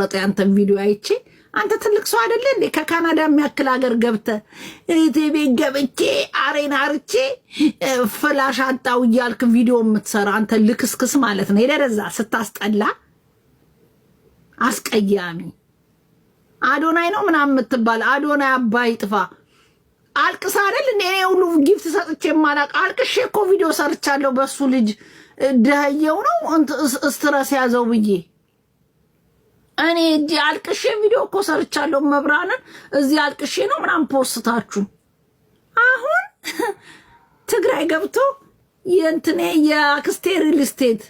ቆረጠ ያንተን ቪዲዮ አይቼ አንተ ትልቅ ሰው አይደለ እንዴ? ከካናዳ የሚያክል ሀገር ገብተ ኢቲቪ ገብቼ አሬን አርቼ ፍላሽ አጣው እያልክ ቪዲዮ የምትሰራ አንተ ልክስክስ ማለት ነው። የደረዛ ስታስጠላ አስቀያሚ አዶናይ ነው ምናምን የምትባል አዶናይ አባይ ጥፋ አልቅስ አይደል እኔ ሁሉ ጊፍት ሰጥቼ የማላቅ አልቅሼ እኮ ቪዲዮ ሰርቻለሁ። በሱ ልጅ ደህየው ነው እስትረስ ያዘው ብዬ እኔ እንዲህ አልቅሼ ቪዲዮ እኮ ሰርቻለሁ። መብራንን እዚህ አልቅሼ ነው ምናምን ፖስታችሁ አሁን ትግራይ ገብቶ የእንትኔ የአክስቴ ሪል ስቴት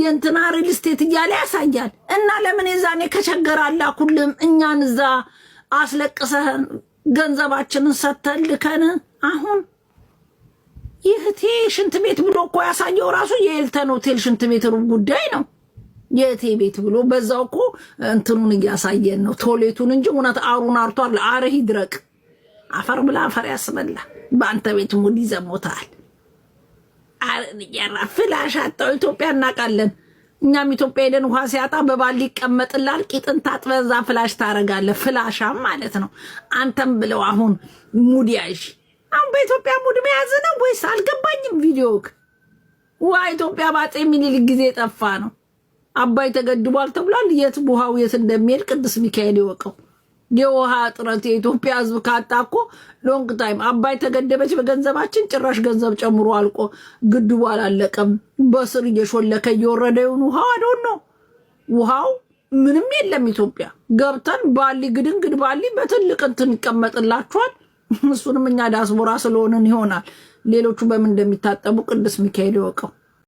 የእንትና ሪል ስቴት እያለ ያሳያል። እና ለምን የዛኔ ከቸገር አላኩልም እኛን እዛ አስለቅሰህን ገንዘባችንን ሰተን ልከን አሁን ይህቴ ሽንት ቤት ብሎ እኮ ያሳየው ራሱ የኤልተን ሆቴል ሽንት ቤት ሩብ ጉዳይ ነው። የቴ ቤት ብሎ በዛው እኮ እንትኑን እያሳየን ነው ቶሌቱን እንጂ እውነት አሩን አርቷል። አርህ ይድረቅ አፈር ብላ አፈር ያስበላ። በአንተ ቤት ሙድ ይዘሞታል። ፍላሽ አጣው። ኢትዮጵያ እናውቃለን። እኛም ኢትዮጵያ ሄደን ውሃ ሲያጣ በባል ይቀመጥላል። ቂጥን ታጥበዛ ፍላሽ ታረጋለህ። ፍላሻም ማለት ነው። አንተም ብለው አሁን ሙድ ያዥ። አሁን በኢትዮጵያ ሙድ መያዝ ነው ወይስ አልገባኝም። ቪዲዮ ውሃ ኢትዮጵያ ባጤ ምኒልክ ጊዜ ጠፋ ነው አባይ ተገድቧል ተብሏል። የት ውሃው የት እንደሚሄድ ቅዱስ ሚካኤል ይወቀው። የውሃ እጥረት የኢትዮጵያ ሕዝብ ካጣ እኮ ሎንግ ታይም። አባይ ተገደበች በገንዘባችን ጭራሽ ገንዘብ ጨምሮ አልቆ ግድቡ አላለቀም። በስር እየሾለከ እየወረደ ይሁን ውሃው አዶን ነው ውሃው ምንም የለም። ኢትዮጵያ ገብተን ባሊ ግድንግድ ባሊ በትልቅ እንትን ይቀመጥላችኋል። እሱንም እኛ ዲያስፖራ ስለሆንን ይሆናል። ሌሎቹ በምን እንደሚታጠቡ ቅዱስ ሚካኤል ይወቀው።